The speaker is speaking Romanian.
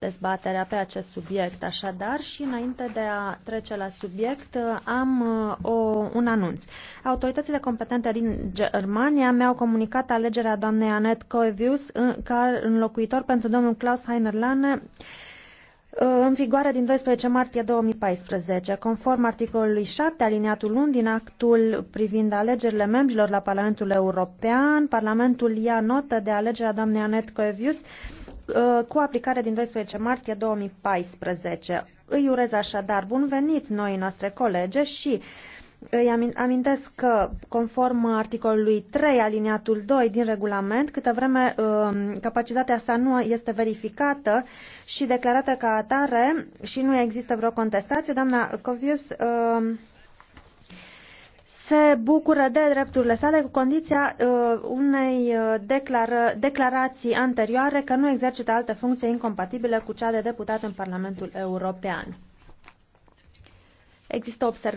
dezbaterea pe acest subiect. Așadar, și înainte de a trece la subiect, am uh, o, un anunț. Autoritățile competente din Germania mi-au comunicat alegerea doamnei Anet Coevius ca înlocuitor pentru domnul Klaus Heiner uh, în vigoare din 12 martie 2014, conform articolului 7 aliniatul 1 din actul privind alegerile membrilor la Parlamentul European, Parlamentul ia notă de alegerea doamnei Anet Coevius Uh, cu aplicare din 12 martie 2014. Îi urez așadar bun venit noi noastre colege și îi amintesc că, conform articolului 3, aliniatul 2 din regulament, câtă vreme um, capacitatea sa nu este verificată și declarată ca atare și nu există vreo contestație, doamna Covius um, se bucură de drepturile sale cu condiția uh, unei uh, declară, declarații anterioare că nu exercită alte funcții incompatibile cu cea de deputat în Parlamentul European. Există observații?